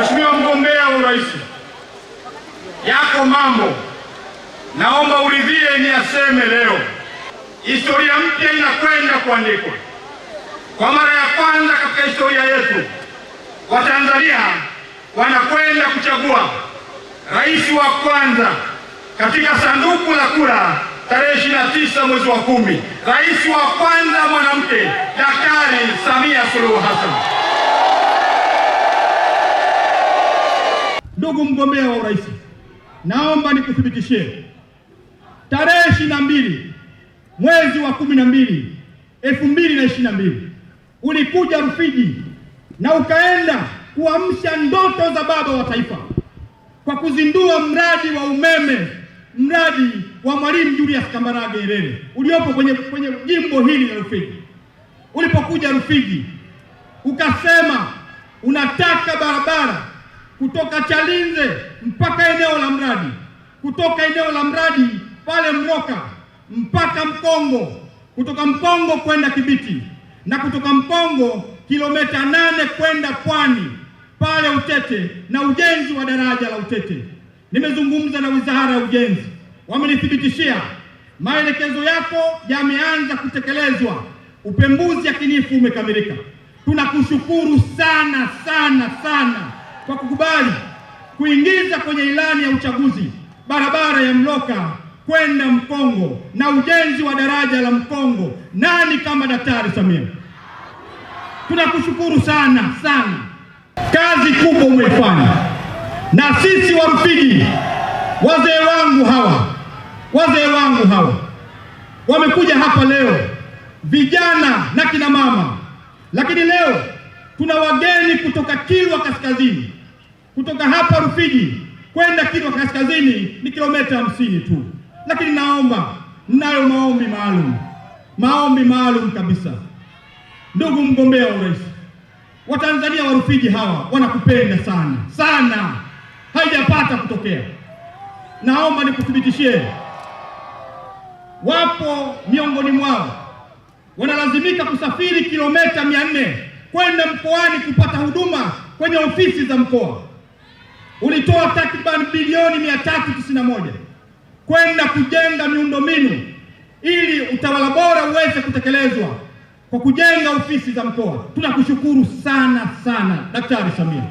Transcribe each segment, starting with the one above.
Mheshimiwa mgombea wa urais, yako mambo naomba uridhie niyaseme leo. Historia mpya inakwenda kuandikwa. Kwa mara ya kwanza katika historia yetu, Watanzania wanakwenda kuchagua rais wa kwanza katika sanduku la kura tarehe 29 mwezi wa kumi, rais wa kwanza mwanamke, Daktari Samia Suluhu Hassan. ndugu mgombea wa urais, naomba nikuthibitishie tarehe ishirini na mbili mwezi wa kumi na mbili elfu mbili na ishirini na mbili ulikuja Rufiji na ukaenda kuamsha ndoto za baba wa taifa kwa kuzindua mradi wa umeme, mradi wa Mwalimu Julius Kambarage Nyerere uliopo kwenye kwenye jimbo hili la Rufiji. Ulipokuja Rufiji ukasema unataka barabara kutoka Chalinze mpaka eneo la mradi, kutoka eneo la mradi pale Mroka mpaka Mkongo, kutoka Mkongo kwenda Kibiti na kutoka Mkongo kilomita nane kwenda pwani pale Utete na ujenzi wa daraja la Utete. Nimezungumza na wizara ya ujenzi, wamenithibitishia maelekezo yako yameanza kutekelezwa, upembuzi yakinifu umekamilika. Tunakushukuru sana sana sana kwa kukubali kuingiza kwenye ilani ya uchaguzi barabara ya Mloka kwenda Mkongo na ujenzi wa daraja la Mkongo. Nani kama Daktari Samia? Tunakushukuru sana sana, kazi kubwa umeifanya, na sisi wa Rufiji, wazee wangu hawa, wazee wangu hawa wamekuja hapa leo, vijana na kina mama, lakini leo tuna wageni kutoka Kilwa Kaskazini kutoka hapa Rufiji kwenda Kilwa Kaskazini ni kilomita hamsini tu, lakini naomba, ninayo maombi maalum, maombi maalum kabisa. Ndugu mgombea wa urais, Watanzania wa Rufiji hawa wanakupenda sana sana, haijapata kutokea. Naomba nikuthibitishie, wapo miongoni mwao wanalazimika kusafiri kilomita mia nne kwenda mkoani kupata huduma kwenye ofisi za mkoa ulitoa takriban bilioni mia tatu tisini na moja kwenda kujenga miundombinu ili utawala bora uweze kutekelezwa kwa kujenga ofisi za mkoa. Tunakushukuru sana sana Daktari Samia,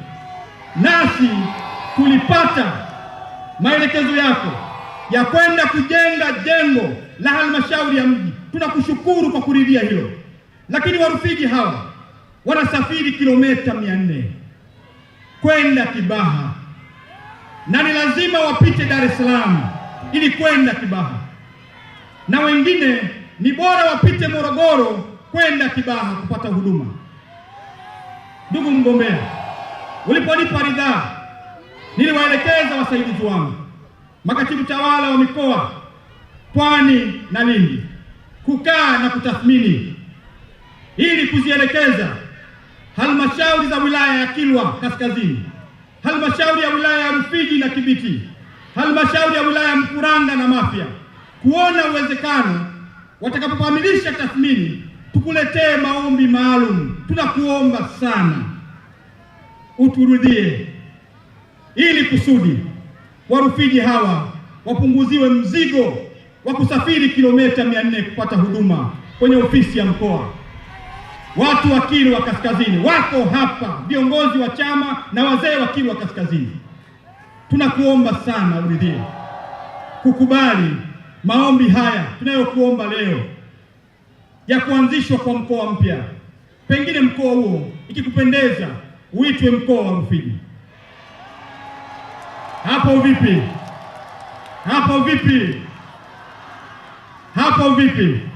nasi tulipata maelekezo yako ya kwenda kujenga jengo la halmashauri ya mji. Tunakushukuru kwa kuridhia hilo, lakini Warufiji hawa wanasafiri kilometa mia nne kwenda Kibaha na ni lazima wapite Dar es Salaam ili kwenda Kibaha, na wengine ni bora wapite Morogoro kwenda Kibaha kupata huduma. Ndugu mgombea, uliponipa ridhaa, niliwaelekeza wasaidizi wangu, makatibu tawala wa mikoa Pwani na Lindi, kukaa na kutathmini ili kuzielekeza halmashauri za wilaya ya Kilwa Kaskazini halmashauri ya wilaya ya Rufiji na Kibiti, halmashauri ya wilaya ya Mkuranga na Mafia kuona uwezekano watakapokamilisha tathmini tukuletee maombi maalum. Tunakuomba sana uturudie ili kusudi Warufiji hawa wapunguziwe mzigo wa kusafiri kilomita mia nne kupata huduma kwenye ofisi ya mkoa. Watu wa Kilwa wa Kaskazini wako hapa, viongozi wa chama na wazee wa Kilwa wa Kaskazini, tunakuomba sana uridhie kukubali maombi haya tunayokuomba leo ya kuanzishwa kwa mkoa mpya. Pengine mkoa huo ikikupendeza uitwe mkoa wa Rufiji. Hapo vipi? Hapo vipi? Hapo vipi?